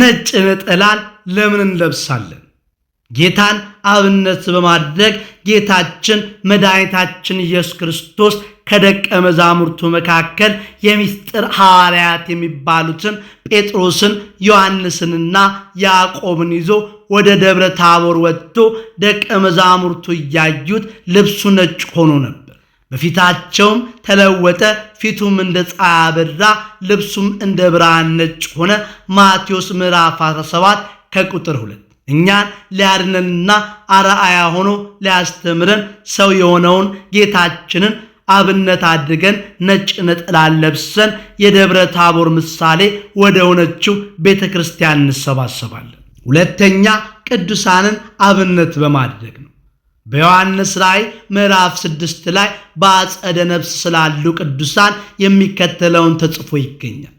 ነጭ ነጠላን ለምን እንለብሳለን? ጌታን አብነት በማድረግ ጌታችን መድኃኒታችን ኢየሱስ ክርስቶስ ከደቀ መዛሙርቱ መካከል የምስጢር ሐዋርያት የሚባሉትን ጴጥሮስን፣ ዮሐንስንና ያዕቆብን ይዞ ወደ ደብረ ታቦር ወጥቶ ደቀ መዛሙርቱ እያዩት ልብሱ ነጭ ሆኖ ነበር። በፊታቸውም ተለወጠ። ፊቱም እንደ ፀሐይ በራ፣ ልብሱም እንደ ብርሃን ነጭ ሆነ። ማቴዎስ ምዕራፍ 17 ከቁጥር 2 እኛን ሊያድነንና አርአያ ሆኖ ሊያስተምረን ሰው የሆነውን ጌታችንን አብነት አድርገን ነጭ ነጠላ ለብሰን የደብረ ታቦር ምሳሌ ወደ ሆነችው ቤተ ክርስቲያን እንሰባሰባለን። ሁለተኛ ቅዱሳንን አብነት በማድረግ ነው። በዮሐንስ ራእይ ምዕራፍ ስድስት ላይ በአጸደ ነፍስ ስላሉ ቅዱሳን የሚከተለውን ተጽፎ ይገኛል።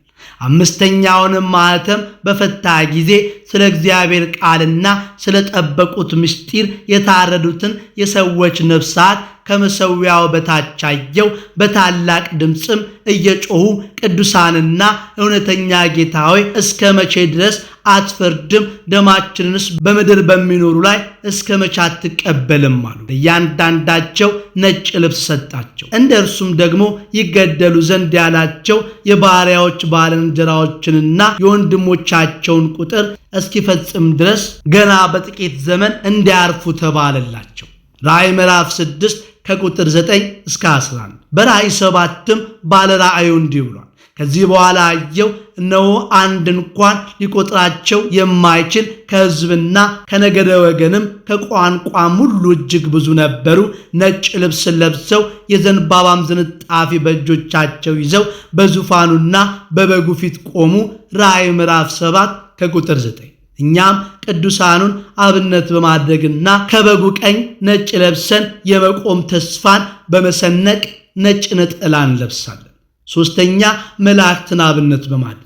አምስተኛውንም ማኅተም በፈታ ጊዜ ስለ እግዚአብሔር ቃልና ስለ ጠበቁት ምስጢር የታረዱትን የሰዎች ነፍሳት ከመሠዊያው በታች አየው። በታላቅ ድምፅም እየጮኹ ቅዱሳንና እውነተኛ ጌታ ሆይ እስከ መቼ ድረስ አትፈርድም፣ ደማችንንስ በምድር በሚኖሩ ላይ እስከ መቼ አትቀበልም አሉ። እያንዳንዳቸው ነጭ ልብስ ሰጣቸው። እንደ እርሱም ደግሞ ይገደሉ ዘንድ ያላቸው የባሪያዎች ባለንጀራዎችንና የወንድሞቻቸውን ቁጥር እስኪፈጽም ድረስ ገና በጥቂት ዘመን እንዲያርፉ ተባለላቸው። ራእይ ምዕራፍ 6 ከቁጥር 9 እስከ 11። በራእይ ሰባትም ባለ ራእዩ እንዲህ ብሏል ከዚህ በኋላ አየው፣ እነሆ አንድ እንኳን ሊቆጥራቸው የማይችል ከሕዝብና ከነገደ ወገንም ከቋንቋም ሁሉ እጅግ ብዙ ነበሩ። ነጭ ልብስን ለብሰው የዘንባባም ዝንጣፊ በእጆቻቸው ይዘው በዙፋኑና በበጉ ፊት ቆሙ። ራእይ ምዕራፍ 7 ከቁጥር 9። እኛም ቅዱሳኑን አብነት በማድረግና ከበጉ ቀኝ ነጭ ለብሰን የመቆም ተስፋን በመሰነቅ ነጭ ነጠላን ለብሳል። ሶስተኛ መላእክትን አብነት በማድረግ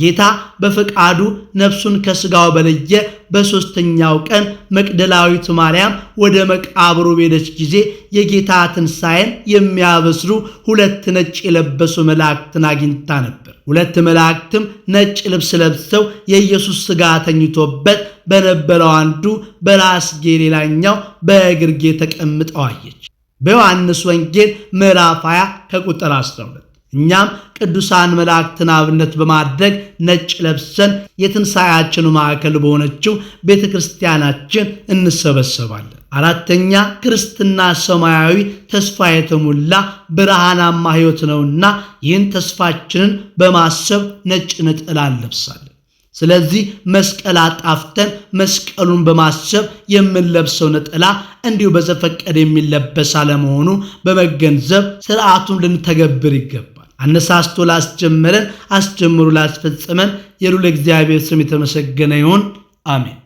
ጌታ በፈቃዱ ነፍሱን ከስጋው በለየ በሦስተኛው ቀን መቅደላዊት ማርያም ወደ መቃብሩ በሄደች ጊዜ የጌታ ትንሣኤን የሚያበስሩ ሁለት ነጭ የለበሱ መላእክትን አግኝታ ነበር። ሁለት መላእክትም ነጭ ልብስ ለብሰው የኢየሱስ ሥጋ ተኝቶበት በነበረው አንዱ በራስጌ ሌላኛው በእግርጌ ተቀምጠው አየች። በዮሐንስ ወንጌል ምዕራፍ 20 ከቁጥር 12 እኛም ቅዱሳን መላእክትን አብነት በማድረግ ነጭ ለብሰን የትንሣኤያችን ማዕከል በሆነችው ቤተ ክርስቲያናችን እንሰበሰባለን። አራተኛ ክርስትና ሰማያዊ ተስፋ የተሞላ ብርሃናማ ሕይወት ነውና ይህን ተስፋችንን በማሰብ ነጭ ነጠላ እንለብሳለን። ስለዚህ መስቀል አጣፍተን መስቀሉን በማሰብ የምንለብሰው ነጠላ እንዲሁ በዘፈቀደ የሚለበስ አለመሆኑ በመገንዘብ ስርዓቱን ልንተገብር ይገባል። አነሳስቶ ላስጀመረ አስጀምሮ ላስፈጸመ የሉለ እግዚአብሔር ስም የተመሰገነ ይሁን። አሜን።